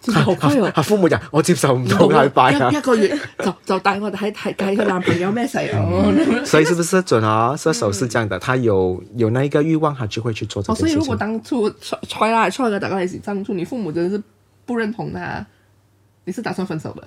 係啊，阿、哦、父母講我接受唔到佢拜一個月就就帶我睇睇佢男朋友咩事啊，所以是不是準、啊，射手是這樣的，他有有那一個欲望，他就會去做這件事情。哦、所以如果當初踹踹啦，踹咗大家一當初你父母真是不認同他，你是打算分手的。